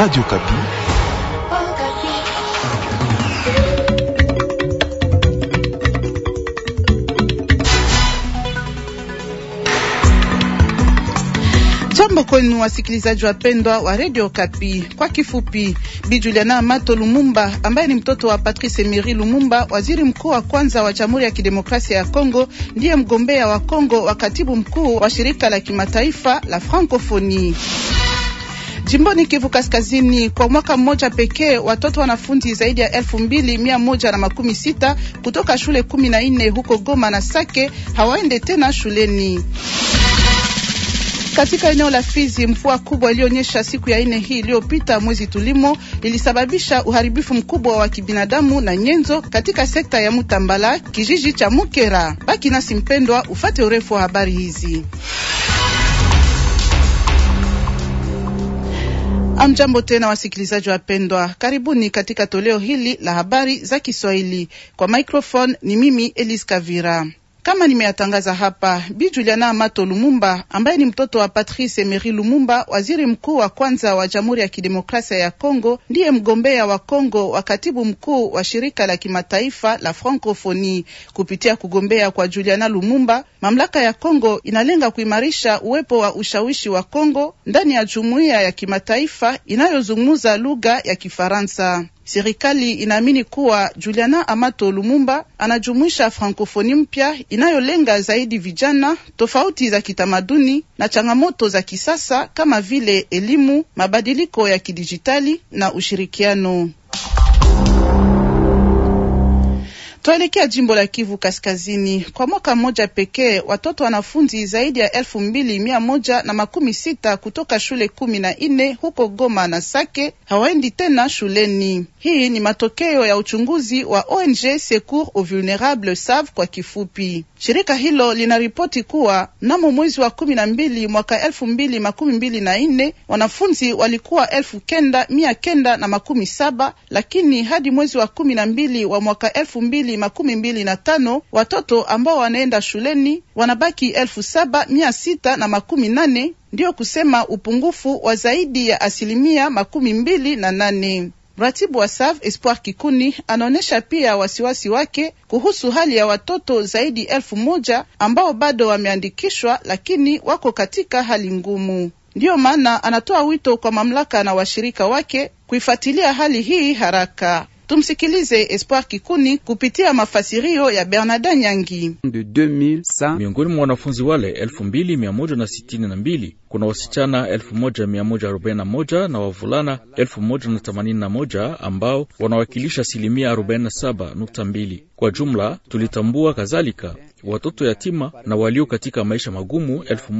Radio Kapi. Jambo kwenu wasikilizaji wapendwa wa Radio Kapi. Kwa kifupi, Bi Juliana Mato Lumumba ambaye ni mtoto wa Patrice Emery Lumumba, waziri mkuu wa kwanza wa Jamhuri ya Kidemokrasia ya Kongo, ndiye mgombea wa Kongo wa katibu mkuu wa shirika la kimataifa la Francophonie. Jimboni Kivu Kaskazini, kwa mwaka mmoja pekee watoto wanafunzi zaidi ya elfu mbili mia moja na makumi sita kutoka shule kumi na nne huko Goma na Sake hawaende tena shuleni. Katika eneo la Fizi, mvua kubwa iliyoonyesha siku ya nne hii iliyopita mwezi tulimo ilisababisha uharibifu mkubwa wa kibinadamu na nyenzo katika sekta ya Mutambala, kijiji cha Mukera. Baki nasi mpendwa, ufate urefu wa habari hizi. Amjambo tena wasikilizaji wapendwa, karibuni katika toleo hili la habari za Kiswahili. Kwa microphone ni mimi Elise Kavira kama nimeyatangaza hapa. Bi Juliana Amato Lumumba ambaye ni mtoto wa Patrice Emery Lumumba, waziri mkuu wa kwanza wa Jamhuri ya Kidemokrasia ya Kongo, ndiye mgombea wa Kongo wa katibu mkuu wa shirika la kimataifa la Francofoni. Kupitia kugombea kwa Juliana Lumumba, mamlaka ya Kongo inalenga kuimarisha uwepo wa ushawishi wa Kongo ndani ya jumuiya ya kimataifa inayozungumza lugha ya Kifaransa. Serikali inaamini kuwa Juliana Amato Lumumba anajumuisha frankofoni mpya inayolenga zaidi vijana, tofauti za kitamaduni na changamoto za kisasa kama vile elimu, mabadiliko ya kidijitali na ushirikiano. Tuelekea jimbo la Kivu Kaskazini. Kwa mwaka mmoja pekee, watoto wanafunzi zaidi ya elfu mbili mia moja na makumi sita kutoka shule kumi na nne huko Goma na Sake hawaendi tena shuleni. Hii ni matokeo ya uchunguzi wa ONG Secours aux Vulnerables, SAV kwa kifupi. Shirika hilo linaripoti kuwa mnamo mwezi wa kumi na mbili mwaka elfu mbili makumi mbili na nne wanafunzi walikuwa elfu kenda mia kenda na makumi saba lakini hadi mwezi wa kumi na mbili wa mwaka elfu mbili makumi mbili na tano watoto ambao wanaenda shuleni wanabaki elfu saba mia sita na makumi nane ndiyo kusema upungufu wa zaidi ya asilimia makumi mbili na nane. Mratibu wa sav Espoir Kikuni anaonyesha pia wasiwasi wake kuhusu hali ya watoto zaidi elfu moja ambao bado wameandikishwa lakini wako katika hali ngumu. Ndiyo maana anatoa wito kwa mamlaka na washirika wake kuifuatilia hali hii haraka. Tumsikilize Espoir Kikuni kupitia mafasirio ya Bernarda Nyangi. Miongoni mwa wanafunzi wale elfu kuna wasichana 1141 na wavulana 1081 ambao wanawakilisha asilimia 472 kwa jumla. Tulitambua kadhalika watoto yatima na walio katika maisha magumu elfu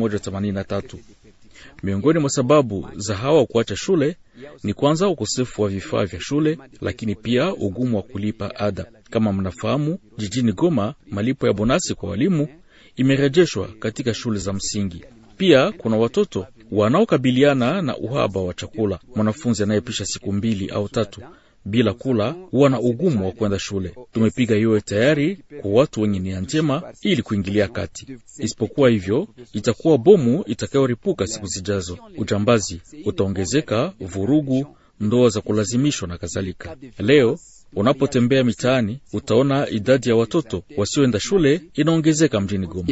Miongoni mwa sababu za hawa kuacha shule ni kwanza ukosefu wa vifaa vya shule, lakini pia ugumu wa kulipa ada. Kama mnafahamu, jijini Goma malipo ya bonasi kwa walimu imerejeshwa katika shule za msingi. Pia kuna watoto wanaokabiliana na uhaba wa chakula. Mwanafunzi anayepisha siku mbili au tatu bila kula huwa na ugumu wa kwenda shule. Tumepiga yowe tayari kwa watu wenye nia njema ili kuingilia kati, isipokuwa hivyo itakuwa bomu itakayoripuka siku zijazo. Ujambazi utaongezeka, vurugu, ndoa za kulazimishwa na kadhalika. Leo unapotembea mitaani utaona idadi ya watoto wasioenda shule inaongezeka mjini Goma.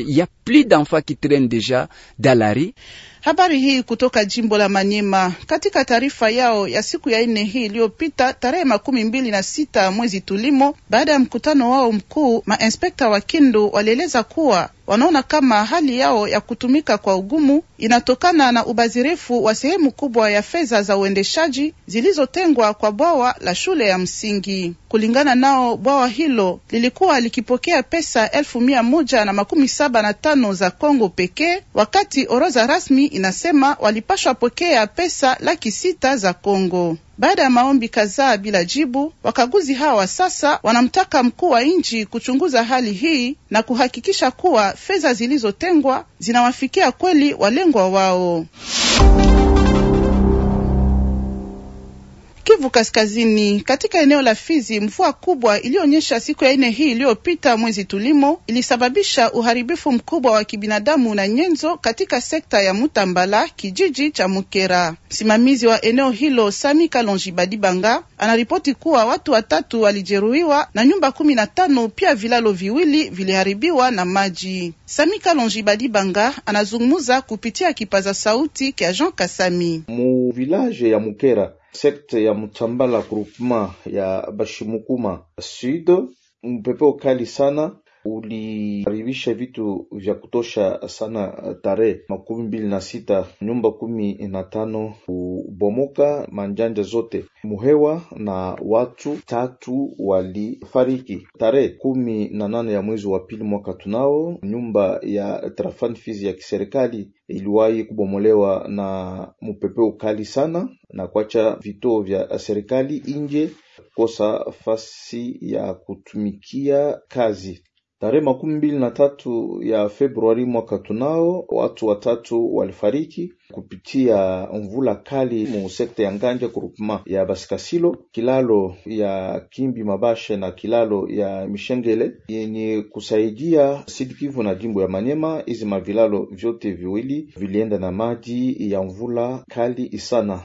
Habari hii kutoka jimbo la Manyema. Katika taarifa yao ya siku ya nne hii iliyopita tarehe makumi mbili na sita mwezi tulimo, baada ya mkutano wao mkuu, mainspekta wa Kindu walieleza kuwa wanaona kama hali yao ya kutumika kwa ugumu inatokana na ubadhirifu wa sehemu kubwa ya fedha za uendeshaji zilizotengwa kwa bwawa la shule ya msingi. Kulingana nao, bwawa hilo lilikuwa likipokea pesa elfu mia moja na makumi saba na tano za Kongo pekee wakati orodha rasmi inasema walipashwa pokea pesa laki sita za Kongo. Baada ya maombi kadhaa bila jibu, wakaguzi hawa sasa wanamtaka mkuu wa nchi kuchunguza hali hii na kuhakikisha kuwa fedha zilizotengwa zinawafikia kweli walengwa wao. Kivu Kaskazini, katika eneo la Fizi, mvua kubwa iliyoonyesha siku ya nne hii iliyopita mwezi tulimo ilisababisha uharibifu mkubwa wa kibinadamu na nyenzo katika sekta ya Mutambala, kijiji cha Mukera. Msimamizi wa eneo hilo Sami Kalonji Badibanga anaripoti kuwa watu watatu walijeruhiwa na nyumba kumi na tano pia vilalo viwili viliharibiwa na maji. Sami Kalonji Badibanga anazungumza kupitia kipaza sauti kya Jean Kasami mu ya Mukera sekta ya Mutambala groupement ya Bashimukuma Sud, mpepo kali sana ulikaribisha vitu vya kutosha sana. Tarehe makumi mbili na sita nyumba kumi na tano kubomoka, manjanja zote muhewa na watu tatu walifariki. Tarehe kumi na nane ya mwezi wa pili mwaka tunao, nyumba ya Trafan Fizi ya kiserikali iliwahi kubomolewa na mupepeo kali sana na kuacha vituo vya serikali nje kosa fasi ya kutumikia kazi. Tarehe makumi mbili na tatu ya Februari mwaka tunao, watu watatu walifariki kupitia mvula kali mu sekta ya Nganja kurupma ya Basikasilo, kilalo ya Kimbi Mabashe na kilalo ya Mishengele yenye kusaidia Sidikivu na jimbo ya Manyema. Hizi mavilalo vyote viwili vilienda na maji ya mvula kali isana.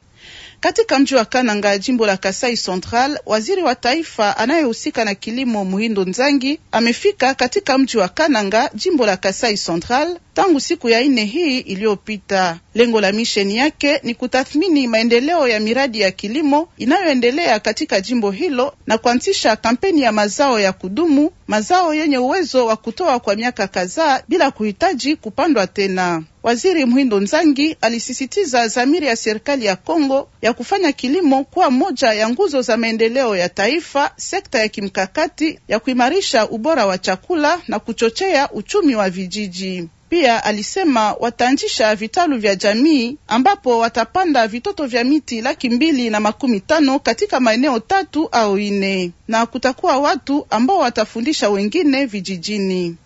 Katika mji wa Kananga, jimbo la Kasai Central, waziri wa taifa anayehusika na kilimo Muhindo Nzangi amefika katika mji wa Kananga, jimbo la Kasai Central, tangu siku ya nne hii iliyopita. Lengo la misheni yake ni kutathmini maendeleo ya miradi ya kilimo inayoendelea katika jimbo hilo na kuanzisha kampeni ya mazao ya kudumu, mazao yenye uwezo wa kutoa kwa miaka kadhaa bila kuhitaji kupandwa tena. Waziri Mhindo Nzangi alisisitiza dhamiri ya serikali ya Kongo ya kufanya kilimo kuwa moja ya nguzo za maendeleo ya taifa, sekta ya kimkakati ya kuimarisha ubora wa chakula na kuchochea uchumi wa vijiji. Pia alisema wataanzisha vitalu vya jamii ambapo watapanda vitoto vya miti laki mbili na makumi tano katika maeneo tatu au ine, na kutakuwa watu ambao watafundisha wengine vijijini.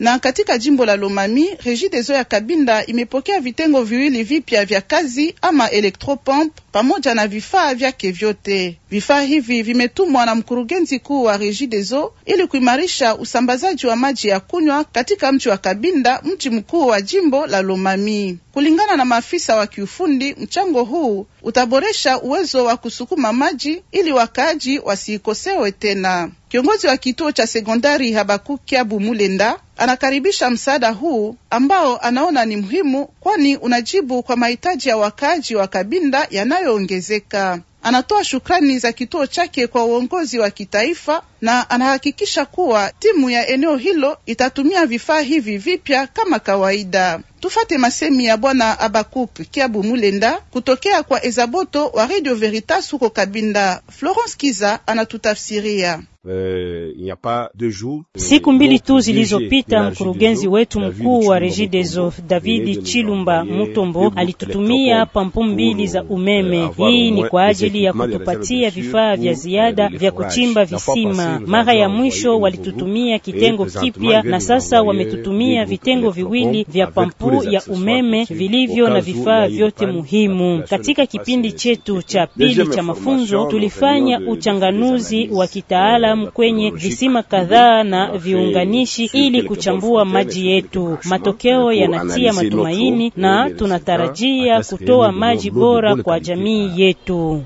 Na katika jimbo la Lomami, Regideso ya Kabinda imepokea vitengo viwili vipya vya kazi ama electropomp pamoja na vifaa vyake vyote. Vifaa hivi vimetumwa na mkurugenzi kuu wa Regideso ili kuimarisha usambazaji wa maji ya kunywa katika mji wa Kabinda, mji mkuu wa jimbo la Lomami. Kulingana na maafisa wa kiufundi, mchango huu utaboresha uwezo wa kusukuma maji ili wakaaji wasiikosewe tena. Kiongozi wa kituo cha sekondari Kiabu mulenda anakaribisha msaada huu ambao anaona ni muhimu, kwani unajibu kwa mahitaji ya wakaaji wa Kabinda yanayoongezeka. Anatoa shukrani za kituo chake kwa uongozi wa kitaifa na anahakikisha kuwa timu ya eneo hilo itatumia vifaa hivi vipya kama kawaida. Tufate masemi ya Bwana Abakup Kiabu Mulenda kutokea kwa Ezaboto wa Radio Veritas huko Kabinda. Florence Kiza anatutafsiria. Euh, euh, Siku mbili tu zilizopita, mkurugenzi wetu mkuu wa Regideso David Chilumba Mutombo alitutumia pampu mbili za euh, umeme. Hii ni kwa ajili ya kutupatia vifaa vya ziada vya kuchimba visima mara ya mwisho walitutumia kitengo kipya, na sasa wametutumia vitengo viwili vya pampu ya umeme vilivyo na vifaa vyote muhimu. Katika kipindi chetu cha pili cha mafunzo, tulifanya uchanganuzi wa kitaalamu kwenye visima kadhaa na viunganishi ili kuchambua maji yetu. Matokeo yanatia matumaini na tunatarajia kutoa maji bora kwa jamii yetu.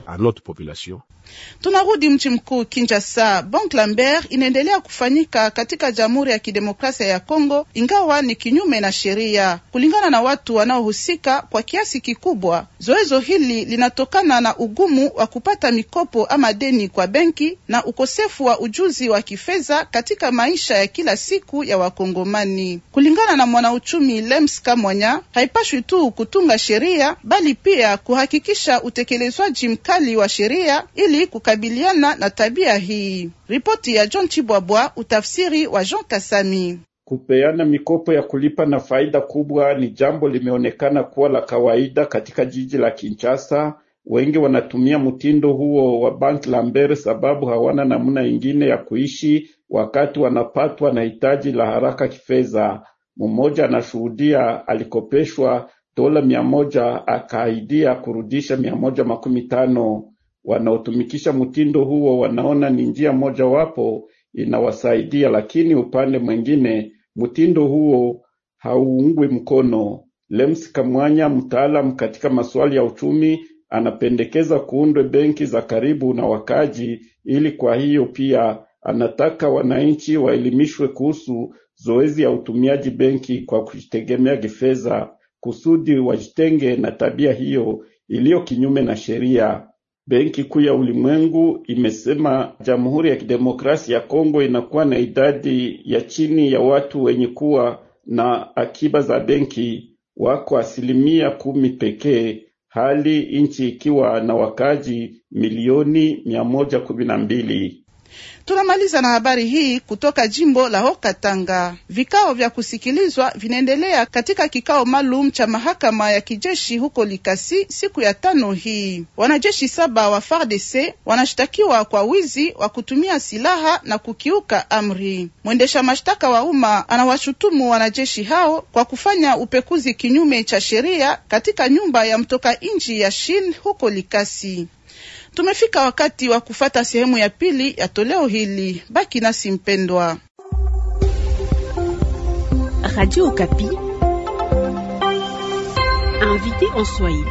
Tunarudi mji mkuu Kinshasa. Bank Lambert inaendelea kufanyika katika Jamhuri ya Kidemokrasia ya Kongo, ingawa ni kinyume na sheria, kulingana na watu wanaohusika. Kwa kiasi kikubwa zoezo hili linatokana na ugumu wa kupata mikopo ama deni kwa benki na ukosefu wa ujuzi wa kifedha katika maisha ya kila siku ya Wakongomani. Kulingana na mwanauchumi Lems Kamwanya, haipashwi tu kutunga sheria bali pia kuhakikisha utekelezwaji mkali wa sheria ili ili kukabiliana na tabia hii. Ripoti ya John Chibwabwa, utafsiri wa Jean Kasami. Kupeana mikopo ya kulipa na faida kubwa ni jambo limeonekana kuwa la kawaida katika jiji la Kinshasa. Wengi wanatumia mtindo huo wa Bank Lambert sababu hawana namna ingine ya kuishi wakati wanapatwa na hitaji la haraka kifedha. Mmoja anashuhudia alikopeshwa dola mia moja akaahidia kurudisha mia moja makumi tano wanaotumikisha mtindo huo wanaona ni njia mojawapo inawasaidia, lakini upande mwingine mtindo huo hauungwi mkono. Lems Kamwanya, mtaalamu katika masuala ya uchumi, anapendekeza kuundwe benki za karibu na wakaji, ili kwa hiyo pia anataka wananchi waelimishwe kuhusu zoezi ya utumiaji benki kwa kujitegemea kifedha, kusudi wajitenge na tabia hiyo iliyo kinyume na sheria. Benki Kuu ya Ulimwengu imesema Jamhuri ya Kidemokrasia ya Kongo inakuwa na idadi ya chini ya watu wenye kuwa na akiba za benki wako asilimia kumi pekee, hali nchi ikiwa na wakaji milioni mia moja kumi na mbili. Tunamaliza na habari hii kutoka jimbo la hokatanga Vikao vya kusikilizwa vinaendelea katika kikao maalum cha mahakama ya kijeshi huko Likasi siku ya tano hii. Wanajeshi saba wa FARDC wanashtakiwa kwa wizi wa kutumia silaha na kukiuka amri. Mwendesha mashtaka wa umma anawashutumu wanajeshi hao kwa kufanya upekuzi kinyume cha sheria katika nyumba ya mtoka nji ya Shin huko Likasi. Tumefika wakati wa kufata sehemu ya pili ya toleo hili. Baki nasi mpendwa. Radio invité en Swahili.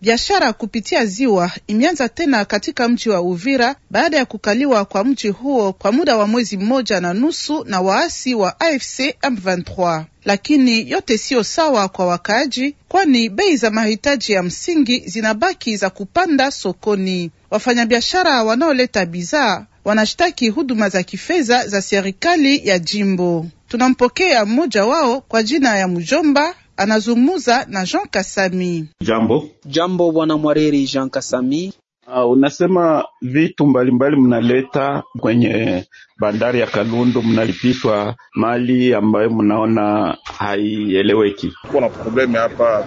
Biashara kupitia ziwa imeanza tena katika mji wa Uvira baada ya kukaliwa kwa mji huo kwa muda wa mwezi mmoja na nusu na waasi wa AFC M23 lakini yote siyo sawa kwa wakaaji, kwani bei za mahitaji ya msingi zinabaki za kupanda sokoni. Wafanyabiashara wanaoleta bidhaa wanashtaki huduma za kifedha za serikali ya jimbo. Tunampokea mmoja wao kwa jina ya Mjomba. Anazungumza na Jean Kasami. Jambo, jambo bwana Mwariri Jean Kasami. Uh, unasema vitu mbalimbali mnaleta kwenye bandari ya Kalundu, mnalipishwa mali ambayo mnaona haieleweki. Kuna probleme hapa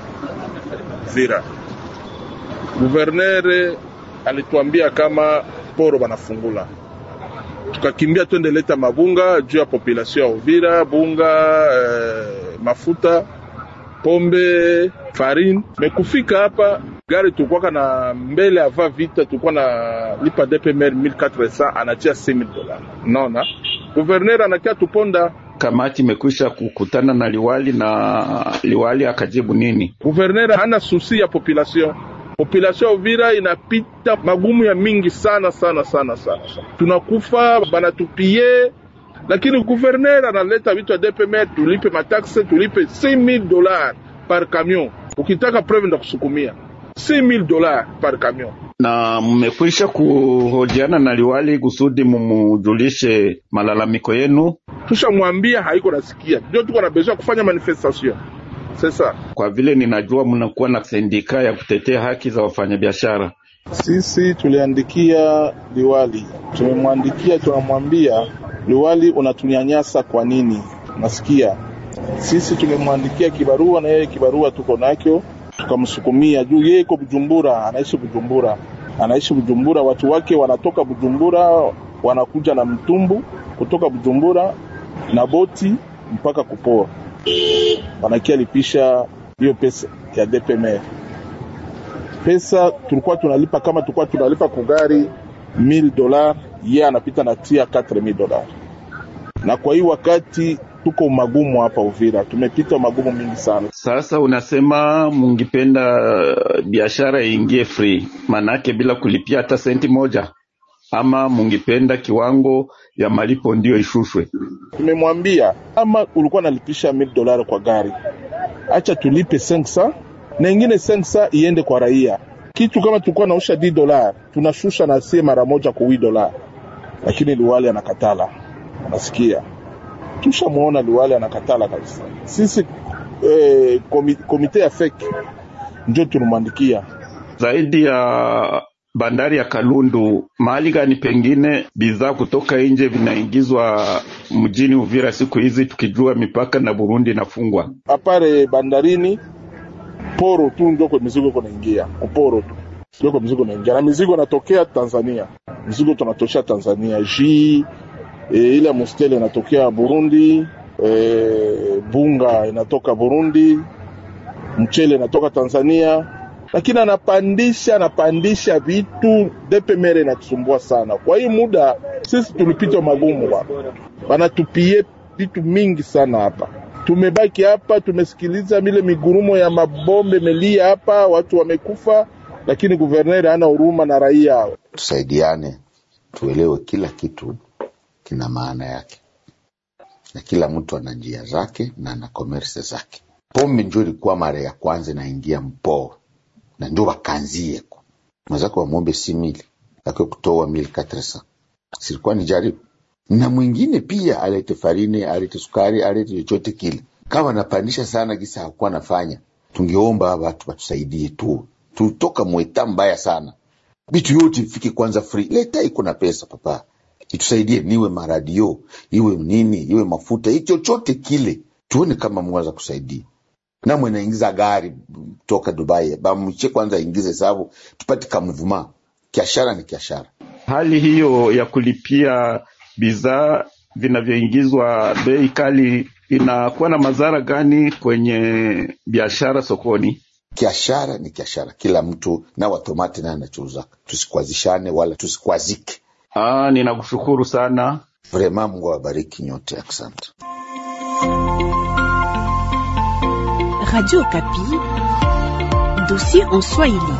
Vira. Guvernere alituambia kama poro banafungula, tukakimbia twende leta mabunga juu ya population ya Uvira, bunga eh, mafuta, pombe, farine mekufika hapa gari tukwaka na mbele ava vita tukwa na lipa DPMR 1400 anatia 6000 dola. Naona guverner anakia tuponda Kamati imekwisha kukutana na liwali na liwali akajibu nini? Guverner hana susi ya population population ya Uvira inapita magumu ya mingi sana sana sana sana, tunakufa banatupie, lakini guverner analeta vitu ya DPMR, tulipe mataxe tulipe 6000 dola par camion. Ukitaka preve ndakusukumia 6000 dola par camion. Na mmekwisha kuhojiana na liwali kusudi mumujulishe malalamiko yenu? Tushamwambia, haiko nasikia, ndio tuko na kufanya manifestation sasa. Kwa vile ninajua mnakuwa na sendika ya kutetea haki za wafanyabiashara sisi tuliandikia liwali, tumemwandikia, tunamwambia liwali, unatunyanyasa kwa nini? Nasikia sisi tumemwandikia kibarua na yeye kibarua tuko nacho tukamsukumia juu yeye iko Bujumbura, anaishi Bujumbura, anaishi Bujumbura, watu wake wanatoka Bujumbura, wanakuja na mtumbu kutoka Bujumbura na boti mpaka Kupoa, wanakia lipisha hiyo pesa ya DPMR. Pesa tulikuwa tunalipa kama tulikuwa tunalipa kugari 1000 dola, yeye anapita na tia 4000 dola, na kwa hii wakati tuko magumu hapa Uvira, tumepita magumu mingi sana. Sasa unasema mungipenda uh, biashara iingie free, manake bila kulipia hata senti moja ama mungipenda kiwango ya malipo ndiyo ishushwe. Tumemwambia ama ulikuwa nalipisha mil dolari kwa gari, acha tulipe sensa na ingine sensa iende kwa raia. Kitu kama tulikuwa nausha di dolari, tunashusha na sie mara moja kwa wi lakini liwali anakatala, anasikia tushamwona Liwale anakatala kabisa. Sisi eh, komite ya FEC ndio tunamwandikia zaidi ya bandari ya Kalundu, mahali gani pengine bidhaa kutoka nje vinaingizwa mjini Uvira siku hizi, tukijua mipaka na Burundi inafungwa? apare bandarini poro tu ndio kwa mizigo kunaingia kuporo tu ndio kwa mizigo naingia, na mizigo natokea Tanzania, mizigo tunatoshea Tanzania jii e, ile mustele inatokea Burundi, e, bunga inatoka Burundi, mchele inatoka Tanzania, lakini anapandisha anapandisha vitu depemere inatusumbua sana. Kwa hiyo muda sisi tulipitwa magumu hapa, wanatupie vitu mingi sana hapa. Tumebaki hapa tumesikiliza mile migurumo ya mabombe melia hapa, watu wamekufa, lakini guverneri hana huruma na raia. Tusaidiane tuelewe kila kitu kina maana yake, na kila mtu ana njia zake na ana komerse zake. Pombe njo ilikuwa mara ya kwanza naingia mpoo na njo wakanzieko mwenzako wamwombe si mili ake kutoa mili 400 silikuwa ni jaribu na mwingine pia alete farine, alete sukari, alete chochote kile. Kama napandisha sana gisa hakuwa nafanya, tungeomba watu watusaidie tu, tutoka mweta mbaya sana, bitu yote ifike kwanza free. Leta iko na pesa papa itusaidie, niwe maradio, iwe nini, iwe mafuta, hii chochote kile, tuone kama mwaweza kusaidia. Na naingiza gari toka Dubai, bamche kwanza aingize, sababu tupate kamvuma. Kiashara ni kiashara. Hali hiyo ya kulipia bidhaa vinavyoingizwa bei kali inakuwa na madhara gani kwenye biashara sokoni? Kiashara ni kiashara, kila mtu na watomati naye anachouza. Tusikwazishane wala tusikwazike. Ah, ninakushukuru sana vrema, Mungu awabariki nyote, asante. Radio Kapi, dossier en Swahili.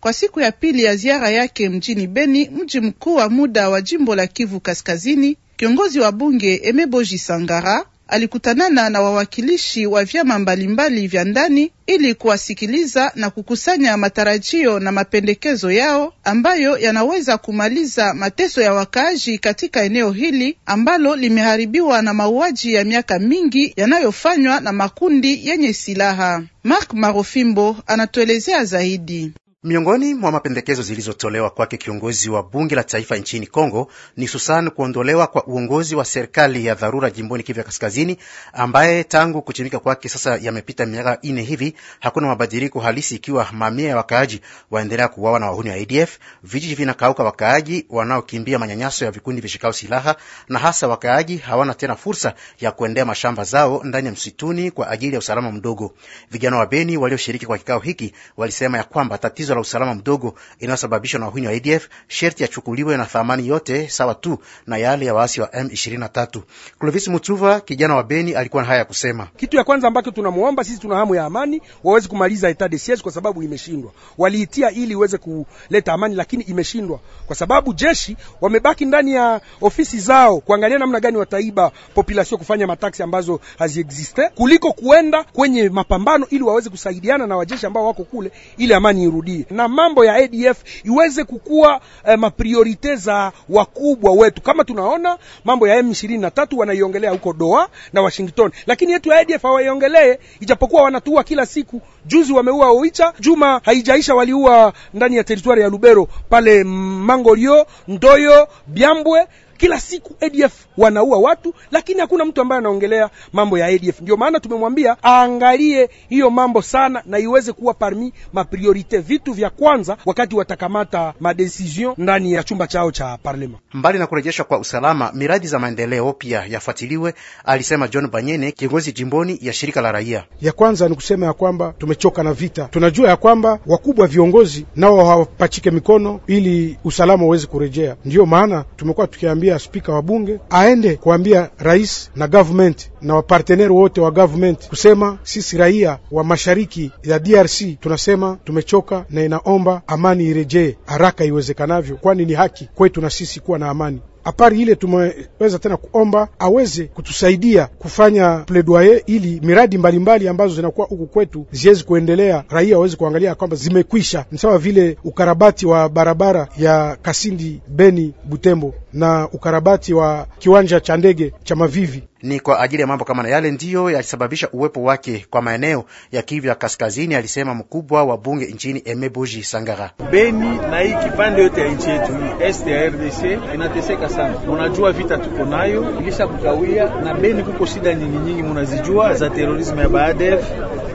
Kwa siku ya pili ya ziara yake mjini Beni, mji mkuu wa muda wa jimbo la Kivu Kaskazini, kiongozi wa bunge Emeboji Sangara alikutanana na wawakilishi wa vyama mbalimbali vya ndani ili kuwasikiliza na kukusanya matarajio na mapendekezo yao ambayo yanaweza kumaliza mateso ya wakaaji katika eneo hili ambalo limeharibiwa na mauaji ya miaka mingi yanayofanywa na makundi yenye silaha. Mark Marofimbo anatuelezea zaidi. Miongoni mwa mapendekezo zilizotolewa kwake kiongozi wa bunge la taifa nchini Kongo ni hususan kuondolewa kwa uongozi wa serikali ya dharura jimboni Kivu ya Kaskazini, ambaye tangu kuchimika kwake sasa yamepita miaka ine hivi, hakuna mabadiliko halisi, ikiwa mamia ya wakaaji waendelea kuuawa na wahuni wa ADF, vijiji vinakauka, wakaaji wanaokimbia manyanyaso ya vikundi vishikao silaha, na hasa wakaaji hawana tena fursa ya kuendea mashamba zao ndani ya msituni kwa ajili ya usalama mdogo. Vijana wa Beni walioshiriki kwa kikao hiki walisema ya kwamba tatizo tatizo la usalama mdogo inayosababishwa na wahuni wa ADF sherti yachukuliwe na thamani yote sawa tu na yale ya waasi wa M23. Clovis Mutuva, kijana wa Beni, alikuwa na haya ya kusema. Kitu ya kwanza ambacho tunamwomba sisi, tuna hamu ya amani, waweze kumaliza etat de siege kwa sababu imeshindwa. Waliitia ili iweze kuleta amani, lakini imeshindwa kwa sababu jeshi wamebaki ndani ya ofisi zao kuangalia namna gani wataiba population kufanya mataksi ambazo haziexiste kuliko kuenda kwenye mapambano ili waweze kusaidiana na wajeshi ambao wako kule ili amani irudie na mambo ya ADF iweze kukua eh, mapriorite za wakubwa wetu, kama tunaona mambo ya M23 wanaiongelea huko Doha na Washington, lakini yetu ya ADF hawaiongelee, ijapokuwa wanatua kila siku. Juzi wameua Oicha, juma haijaisha waliua ndani ya teritwari ya Lubero pale Mangolio, Ndoyo, Byambwe kila siku ADF wanaua watu, lakini hakuna mtu ambaye anaongelea mambo ya ADF. Ndio maana tumemwambia aangalie hiyo mambo sana, na iweze kuwa parmi mapriorite vitu vya kwanza wakati watakamata madecision ndani ya chumba chao cha parlema. Mbali na kurejeshwa kwa usalama, miradi za maendeleo pia yafuatiliwe, alisema John Banyene, kiongozi jimboni ya shirika la raia. Ya kwanza ni kusema ya kwamba tumechoka na vita, tunajua ya kwamba wakubwa viongozi nao hawapachike mikono ili usalama uweze kurejea. Ndiyo maana tumekuwa tukiambia kuambia spika wa bunge aende kuambia rais na government na waparteneri wote wa government kusema sisi raia wa mashariki ya DRC tunasema tumechoka na inaomba amani irejee haraka iwezekanavyo, kwani ni haki kwetu na sisi kuwa na amani. Apari ile tumeweza tena kuomba aweze kutusaidia kufanya pledoyer ili miradi mbalimbali mbali ambazo zinakuwa huku kwetu ziwezi kuendelea, raia waweze kuangalia kwamba zimekwisha. Ni sawa vile ukarabati wa barabara ya Kasindi Beni Butembo na ukarabati wa kiwanja cha ndege cha Mavivi ni kwa ajili ya mambo kama na yale ndiyo yalisababisha uwepo wake kwa maeneo ya Kivu ya Kaskazini, alisema mkubwa wa bunge nchini Emeboji Sangara. Beni na hii kipande yote ya nchi yetu hii este ya RDC inateseka sana, munajua vita tuko nayo ilisha kukawia na Beni kuko shida nyingi nyingi, munazijua za terorisme ya Baadef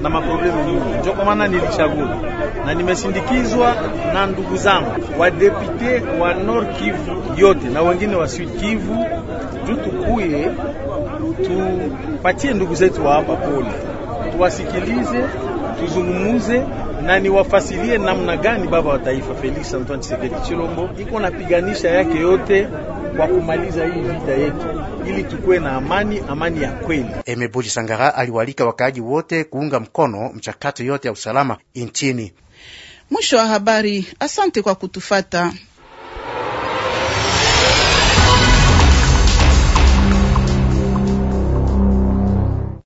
na maproblemu nyingi, njo kwa maana nilichagula na nimesindikizwa na ndugu zangu wadepute wa Nord Kivu yote na wengine wa Sud Kivu juu tukuye tupatie ndugu zetu wa hapa pole, tuwasikilize, tuzungumuze na niwafasilie namna gani baba wa taifa Felix Antoine Tshisekedi Chilombo iko na piganisha yake yote kwa kumaliza hii vita yetu ili tukuwe na amani, amani ya kweli. Emeboji Sangara aliwalika wakaaji wote kuunga mkono mchakato yote ya usalama nchini. Mwisho wa habari. Asante kwa kutufata.